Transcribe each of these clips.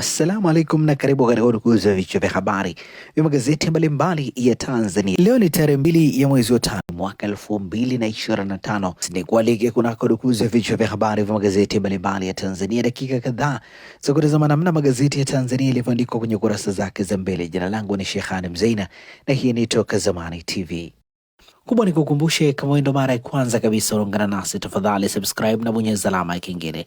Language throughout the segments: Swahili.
Assalamu alaikum na karibu katika udukuzi vichwa vya habari vya magazeti mbalimbali ya Tanzania. Leo ni tarehe mbili ya mwezi wa tano mwaka elfu mbili na ishirini na tano. Ni kualike kunako udukuzi vichwa vya habari vya magazeti mbalimbali ya Tanzania, dakika kadhaa za kutazama namna magazeti ya Tanzania yalivyoandikwa kwenye kurasa zake za mbele. Jina langu ni Shehani Mzeina na hii ni Toka Zamani TV. Kubwa ni kukumbushe, kama wewe ndo mara ya kwanza kabisa unaungana nasi, tafadhali subscribe na bonyeza alama ya kengele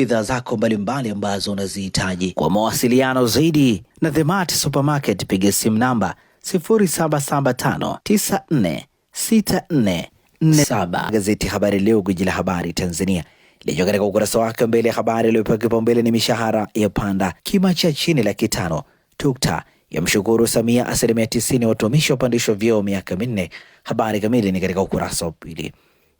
bidhaa zako mbalimbali ambazo unazihitaji. Kwa mawasiliano zaidi na The Mart Supermarket, piga simu namba 0775946447. Gazeti Habari Leo, gwiji la habari Tanzania, licho katika ukurasa wake mbele ya habari iliyopewa kipaumbele ni mishahara ya panda kima cha chini laki tano. Tukta mshukuru Samia, asilimia tisini watumishi wapandishwa vyeo miaka minne. Habari kamili ni katika ukurasa wa pili.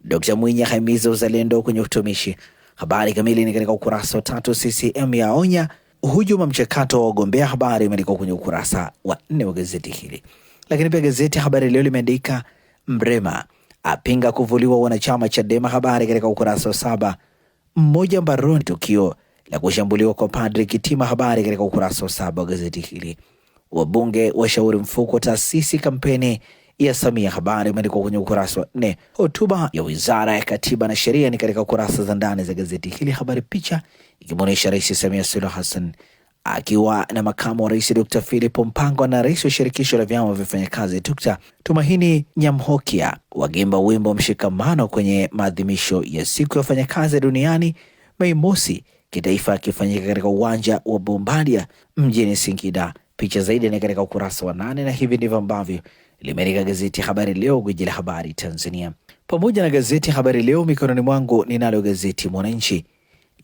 Dkt Mwinyi ahimiza uzalendo kwenye utumishi Habari kamili ni katika ukurasa wa tatu. CCM yaonya hujuma mchakato wa wagombea, habari imeandikwa kwenye ukurasa wa nne wa gazeti hili. Lakini pia gazeti Habari Leo limeandika Mrema apinga kuvuliwa wanachama Chadema, habari katika ukurasa wa saba. Mmoja mbaroni tukio la kushambuliwa kwa Padri Kitima, habari katika ukurasa wa saba wa gazeti hili. Wabunge washauri mfuko taasisi kampeni ya Samia. Habari imeandikwa kwenye ukurasa wa nne. Hotuba ya Wizara ya Katiba na Sheria ni katika kurasa za ndani za gazeti hili. Habari picha ikimwonyesha Rais Samia Suluhu Hassan akiwa na makamu wa rais Dr. Philip Mpango na rais wa shirikisho la vyama vya wafanyakazi Dr. Tumahini Nyamhokia wageimba wimbo mshikamano kwenye maadhimisho ya siku ya wafanyakazi duniani Mei Mosi kitaifa akifanyika katika uwanja wa Bombadia mjini Singida. Picha zaidi ni katika ukurasa wa nane, na hivi ndivyo ambavyo limeandika gazeti Habari Leo, gwiji la habari Tanzania, pamoja na gazeti Habari Leo mikononi mwangu. Ninalo gazeti Mwananchi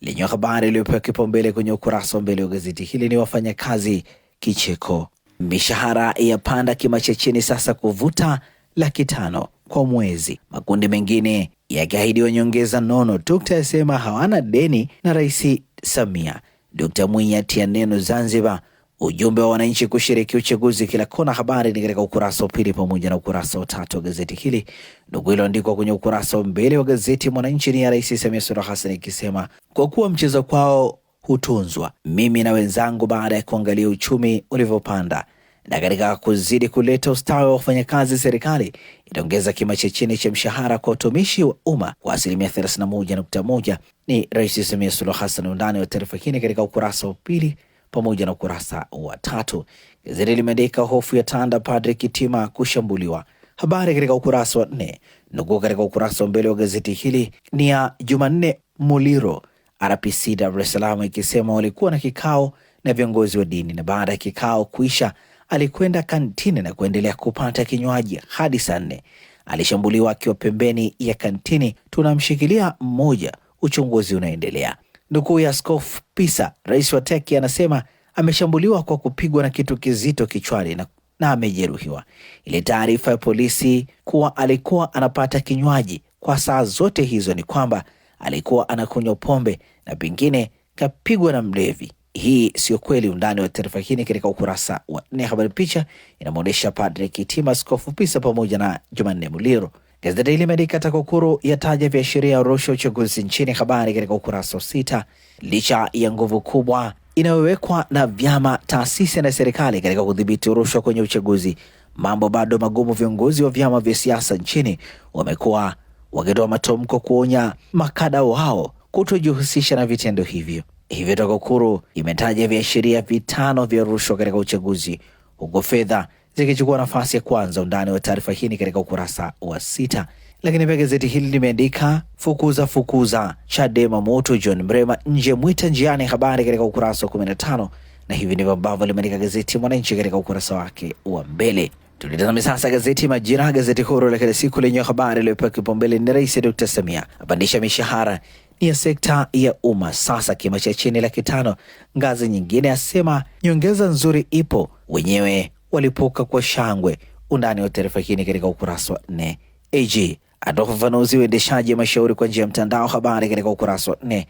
lenye habari iliyopewa kipaumbele kwenye ukurasa wa mbele wa gazeti hili ni wafanyakazi kicheko, mishahara yapanda kimachecheni sasa kuvuta laki tano kwa mwezi, makundi mengine yakiahidiwa nyongeza nono. Dokta yasema hawana deni na Rais Samia. Dokta Mwinyi atia neno Zanzibar Ujumbe wa wananchi kushiriki uchaguzi kila kona. Habari ni katika ukurasa wa pili pamoja na ukurasa wa tatu wa gazeti hili ndugu, iliyoandikwa kwenye ukurasa wa mbele wa gazeti Mwananchi ni ya Rais Samia Suluhu Hassan ikisema, kwa kuwa mchezo kwao hutunzwa mimi na wenzangu, baada ya kuangalia uchumi ulivyopanda na katika kuzidi kuleta ustawi wa wafanyakazi, serikali itaongeza kima cha chini cha mshahara kwa utumishi wa umma kwa asilimia 31.1. Ni Rais Samia Suluhu Hassan. Undani wa taarifa hii katika ukurasa wa pili pamoja na ukurasa wa tatu. Gazeti limeandika hofu ya tanda Padre Kitima kushambuliwa, habari katika ukurasa wa nne. Nukuu katika ukurasa wa mbele wa gazeti hili ni ya Jumanne Muliro, RPC Dar es Salaam, ikisema walikuwa na kikao na viongozi wa dini na baada ya kikao kuisha alikwenda kantini na kuendelea kupata kinywaji hadi saa nne. Alishambuliwa akiwa pembeni ya kantini. Tunamshikilia mmoja, uchunguzi unaendelea. Nukuu ya Askofu Pisa, rais wa Teki, anasema ameshambuliwa kwa kupigwa na kitu kizito kichwani na, na amejeruhiwa. Ile taarifa ya polisi kuwa alikuwa anapata kinywaji kwa saa zote hizo ni kwamba alikuwa anakunywa pombe na pengine kapigwa na mlevi. Hii sio kweli. Undani wa taarifa hii katika ukurasa wa nne. Habari picha inamwonyesha Padri Kitima, Askofu Pisa pamoja na Jumanne Muliro. Gazeti Daily Medica, TAKUKURU yataja viashiria ya rushwa uchaguzi nchini, habari katika ukurasa wa sita. Licha ya nguvu kubwa inayowekwa na vyama, taasisi na serikali katika kudhibiti rushwa kwenye uchaguzi, mambo bado magumu. Viongozi wa vyama vya siasa nchini wamekuwa wakitoa matamko kuonya makada wao kutojihusisha na vitendo hivyo. Hivyo TAKUKURU imetaja viashiria vitano vya rushwa katika uchaguzi, huku fedha zikichukua nafasi ya kwanza. Undani wa taarifa hii ni katika ukurasa wa sita. Lakini pia gazeti hili limeandika fukuza fukuza Chadema moto John Mrema nje mwita njiani, habari katika ukurasa wa 15, na hivi ndivyo ambavyo limeandika gazeti Mwananchi katika ukurasa wake wa mbele. Tulitazame sasa gazeti Majira, gazeti huru la kila siku lenye habari iliyopewa kipaumbele ni Rais Dr Samia apandisha mishahara ni ya sekta ya umma sasa kima cha chini laki tano ngazi nyingine, asema nyongeza nzuri ipo, wenyewe walipuka kwa shangwe. Undani wa taarifa hii ni katika ukurasa wa nne. AG atoa ufafanuzi uendeshaji wa mashauri kwa njia ya mtandao, habari katika ukurasa wa nne.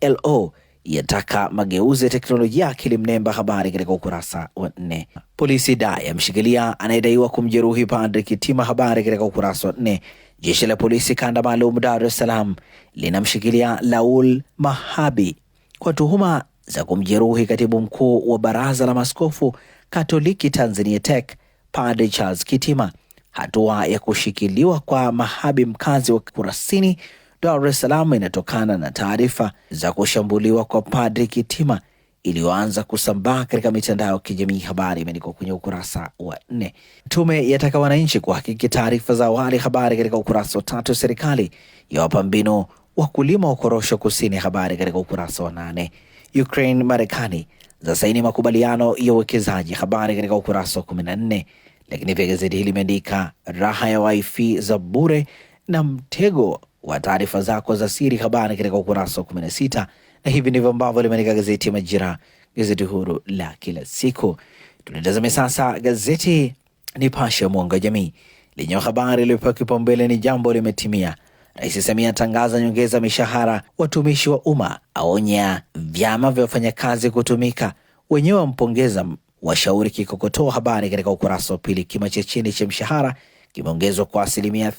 ILO yataka mageuzi ya teknolojia ya akili mnemba, habari katika ukurasa wa nne. Polisi dai amshikilia anayedaiwa kumjeruhi Padri Kitima, habari katika ukurasa wa nne. Jeshi la polisi kanda maalum Dar es Salaam linamshikilia Laul Mahabi kwa tuhuma za kumjeruhi katibu mkuu wa baraza la maskofu Katoliki Tanzania TEC Padre Charles Kitima. Hatua ya kushikiliwa kwa Mahabi, mkazi wa Kurasini, Dar es Salaam, inatokana na taarifa za kushambuliwa kwa Padre Kitima iliyoanza kusambaa katika mitandao ya kijamii. Habari imeandikwa kwenye ukurasa wa nne. Tume yataka wananchi kuhakiki taarifa za awali. Habari katika ukurasa wa tatu. Serikali yawapa mbinu wakulima wa korosho kusini. Habari katika ukurasa wa nane. Ukraine Marekani za saini makubaliano ya uwekezaji, habari katika ukurasa wa kumi na nne. Lakini pia gazeti hili limeandika raha ya wifi za bure na mtego wa taarifa zako za siri, habari katika ukurasa wa kumi na sita. Na hivi ndivyo ambavyo limeandika gazeti ya Majira, gazeti huru la kila siku. Tunatazame sasa gazeti Nipashe ya mwanga jamii lenye habari iliyopewa kipaumbele ni jambo limetimia Rais Samia atangaza nyongeza mishahara watumishi wa umma, aonya vyama vya wafanyakazi kutumika, wenyewe wampongeza washauri. Kikokotoa habari katika ukurasa wa pili. Kima cha chini cha mshahara kimeongezwa kwa asilimia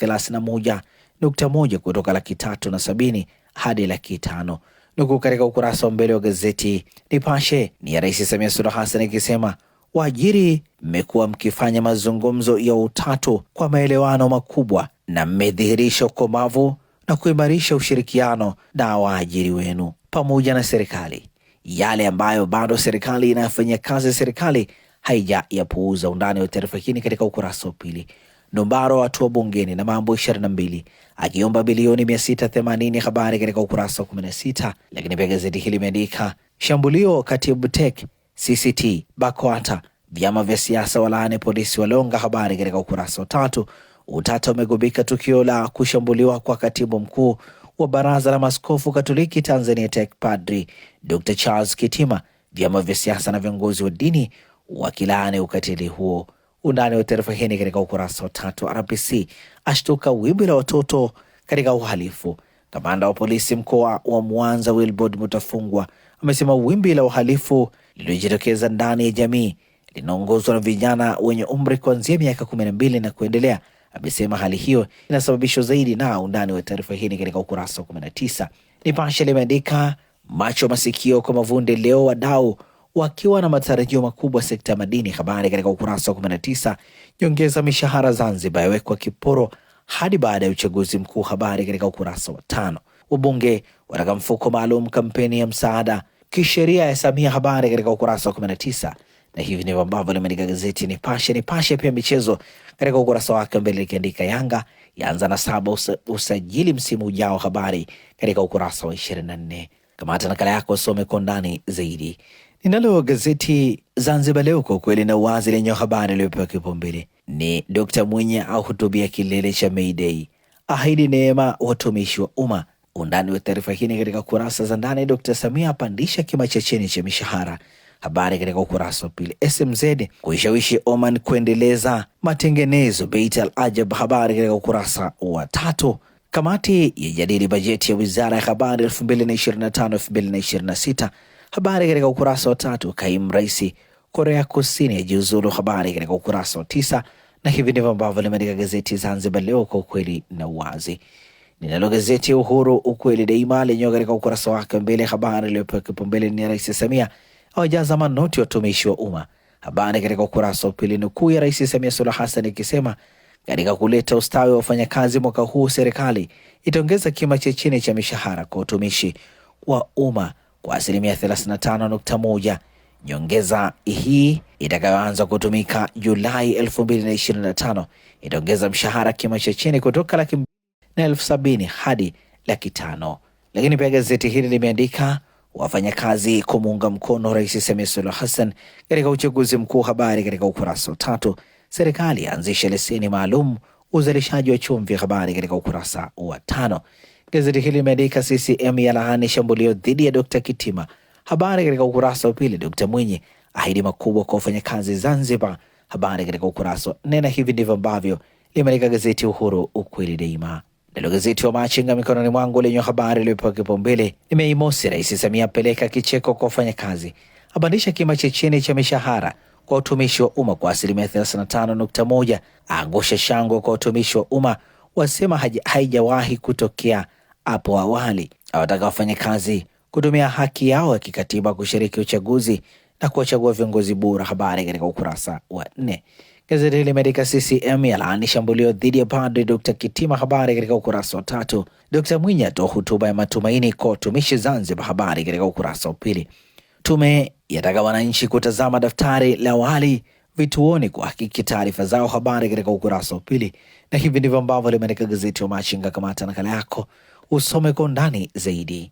nukta moja kutoka laki tatu na sabini hadi laki tano. Nuku katika ukurasa wa mbele wa gazeti Nipashe ni ya Rais Samia Suluhu Hassan ikisema Waajiri, mmekuwa mkifanya mazungumzo ya utatu kwa maelewano makubwa na mmedhihirisha ukomavu na kuimarisha ushirikiano na waajiri wenu pamoja na serikali. Yale ambayo bado serikali inayofanyia kazi, serikali haijayapuuza. Undani wa taarifa hii katika ukurasa wa pili. Ndumbaro atua bungeni na mambo mbili akiomba bilioni 680, habari katika ukurasa wa sita. Lakini pia gazeti hili limeandika shambulio katibu tek CCT, BAKWATA, vyama vya siasa walaani polisi walonga. Habari katika ukurasa wa tatu. Utata umegubika tukio la kushambuliwa kwa katibu mkuu wa baraza la maskofu Katoliki Tanzania TEC Padri Dr Charles Kitima, vyama vya siasa na viongozi wa dini wakilaani ukatili huo. Undani wa taarifa hii katika ukurasa wa tatu. RPC ashtuka wimbi la watoto katika uhalifu. Kamanda wa polisi mkoa wa Mwanza Wilbord Mutafungwa amesema wimbi la uhalifu lililojitokeza ndani ya jamii linaongozwa na vijana wenye umri kuanzia miaka kumi na mbili na kuendelea. Amesema hali hiyo inasababishwa zaidi na undani wa taarifa hii katika ukurasa wa kumi na tisa. Nipashe limeandika macho masikio kwa Mavunde leo, wadau wakiwa na matarajio makubwa sekta ya madini. Habari katika ukurasa wa kumi na tisa. Nyongeza mishahara Zanzibar yawekwa kiporo hadi baada ya uchaguzi mkuu. Habari katika ukurasa wa tano. Wabunge wataka mfuko maalum kampeni ya msaada kisheria ya Samia. Habari katika ukurasa wa 19 na hivi ndivyo ambavyo limeandika gazeti Nipashe. Nipashe pia michezo katika ukurasa wake mbele likiandika Yanga yaanza na saba usa, usajili msimu ujao. Habari katika ukurasa wa 24. Kamata nakala yako usome kwa ndani zaidi. Ninalo gazeti Zanzibar Leo, kwa ukweli na uwazi, lenye habari iliyopewa kipaumbele ni Dkt Mwinyi ahutubia kilele cha May Day, ahidi neema watumishi wa umma Undani wa taarifa hii ni katika kurasa za ndani. Dkt Samia apandisha kima cha chini cha mishahara, habari katika ukurasa wa pili. SMZ kuishawishi Oman kuendeleza matengenezo Beit Al Ajab, habari katika ukurasa wa tatu. Kamati yajadili bajeti ya wizara ya habari 2025 2026, habari katika ukurasa wa tatu. Kaimu rais Korea Kusini yajiuzulu, habari katika ukurasa wa tisa. Na hivi ndivyo ambavyo limeandika gazeti Zanzibar Leo, kwa ukweli na uwazi. Ninalo gazeti ya Uhuru ukweli daima lenyewe katika ukurasa wake mbele, habari iliyopewa kipaumbele ni Rais Samia awajaza manoti watumishi wa umma. Habari katika ukurasa wa pili, nukuu ya Rais Samia Suluhu Hassan ikisema katika kuleta ustawi wa wafanyakazi mwaka huu serikali itaongeza kima cha chini cha mishahara kwa utumishi wa umma kwa asilimia 35.1. Nyongeza hii itakayoanza kutumika Julai 2025 itaongeza mshahara kima cha chini kutoka laki na elfu sabini hadi laki tano. Lakini pia gazeti hili limeandika wafanyakazi kumuunga mkono Rais Samia Suluhu Hassan katika uchaguzi mkuu, habari katika ukurasa wa tatu. Serikali yaanzisha leseni maalum uzalishaji wa chumvi, habari katika ukurasa wa tano. Gazeti hili limeandika CCM yalaani shambulio dhidi ya Dkt Kitima, habari katika ukurasa wa pili. Dkt Mwinyi ahidi makubwa kwa wafanyakazi Zanzibar, habari katika ukurasa wa nne, na hivi ndivyo ambavyo limeandika gazeti Uhuru, ukweli daima. Nalo gazeti wa Machinga mikononi mwangu lenye habari iliyopewa kipaumbele ni Mei Mosi, Rais Samia apeleka kicheko kwa wafanyakazi, apandisha kima cha chini cha mishahara kwa utumishi wa umma kwa asilimia 35.1, aangusha shangwe kwa utumishi wa umma, wasema haijawahi kutokea hapo awali, awataka wafanyakazi kutumia haki yao ya kikatiba kushiriki uchaguzi na kuwachagua viongozi bora. Habari katika ukurasa wa nne. Gazeti hili limeandika CCM yalaani shambulio dhidi ya padri Dr. Kitima, habari katika ukurasa wa tatu. Dr. Mwinyi atoa hotuba ya matumaini kwa watumishi Zanzibar, habari katika ukurasa wa pili. Tume yataka wananchi kutazama daftari la awali vituoni kuhakiki taarifa zao, habari katika ukurasa wa pili. Na hivi ndivyo ambavyo limeandika gazeti wa Machinga. Kamata nakala yako usome kwa undani zaidi.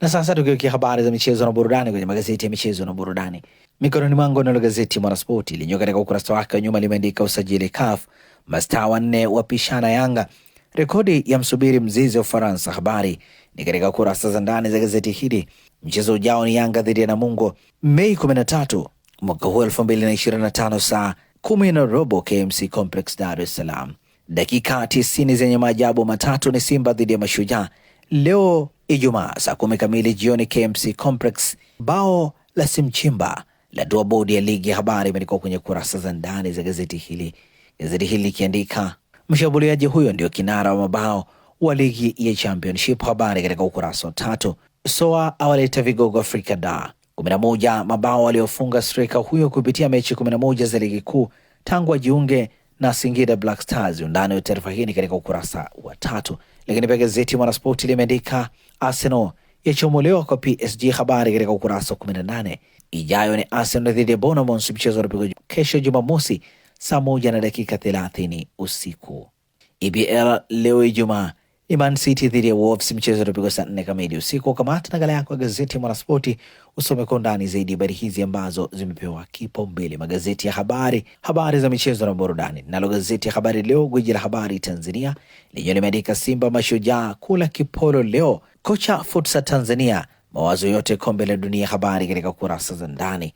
Na sasa tukiwekia habari za michezo na burudani kwenye magazeti ya michezo na burudani, Mikononi mwangu nalo gazeti Mwanaspoti lenyewe katika ukurasa wake wa nyuma limeandika usajili CAF, mastaa wanne wapishana Yanga, rekodi ya msubiri mzizi wa Ufaransa. Habari ni katika kurasa za ndani za gazeti hili. Mchezo ujao ni Yanga dhidi ya Namungo Mei 13 mwaka huu 2025 saa kumi na robo KMC Complex, Dar es Salaam. Dakika 90 zenye maajabu matatu ni Simba dhidi ya Mashujaa leo Ijumaa saa kumi kamili jioni KMC Complex. Bao la Simchimba latua bodi ya ligi ya habari imeandikwa kwenye kurasa za ndani za gazeti hili, gazeti hili likiandika mshambuliaji huyo ndio kinara wa mabao wa ligi ya Championship, habari katika ukurasa wa tatu. Soa awaleta vigogo Afrika da 11 mabao aliyofunga streka huyo kupitia mechi 11 za ligi kuu tangu ajiunge na Singida Black Stars. Undani wa taarifa hii ni katika ukurasa wa tatu. Lakini pia gazeti Mwanaspoti limeandika Arsenal yachomolewa kwa PSG. Habari katika ukurasa wa 18. Ijayo ni Arsenal dhidi ya Bournemouth, mchezo unapigwa kesho Jumamosi saa moja na dakika 30 usiku. EPL leo Ijumaa ni Man City dhidi ya Wolves, mchezo utapigwa saa nne kamili usiku. Kamata nakala yako ya gazeti ya Mwanaspoti usome kwa undani zaidi habari hizi ambazo zimepewa kipaumbele magazeti ya habari, habari za michezo na burudani. Nalo gazeti ya Habari Leo, gwiji la habari Tanzania, lenyewe limeandika Simba mashujaa kula kipolo leo, kocha futsa Tanzania mawazo yote kombe la dunia, habari katika kurasa za ndani.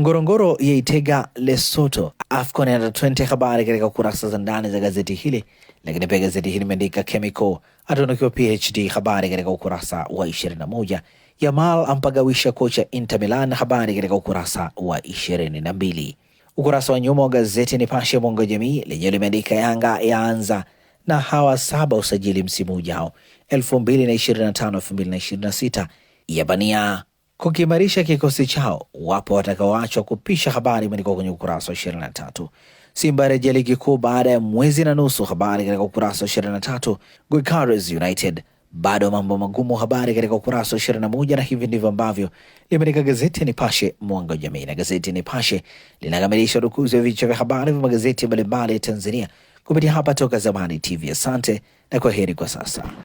Ngorongoro yaitega Lesotho AFCON 2020 habari katika kurasa za ndani za gazeti hili lakini pia gazeti hili limeandika Chemical atatunukiwa PhD, habari katika ukurasa wa 21. Yamal ampagawisha kocha Inter Milan, habari katika ukurasa wa 22. Ukurasa wa nyuma wa gazeti Nipashe Mwanga Jamii lenyewe limeandika Yanga yaanza na hawa saba usajili msimu ujao 2025 2026, yabania kukiimarisha kikosi chao, wapo watakaoachwa kupisha, habari imeandikwa kwenye ukurasa wa 23. Simba yarejea ligi kuu baada ya mwezi na nusu. Habari katika ukurasa wa tatu Gwikares United bado mambo magumu. Habari katika ukurasa wa moja na hivi ndivyo ambavyo limeandika gazeti ya Nipashe mwanga wa jamii, na gazeti ya Nipashe linakamilisha rukuzi ya vichwa vya habari vya magazeti mbalimbali ya Tanzania kupitia hapa Toka Zamani TV. Asante na kwa heri kwa sasa.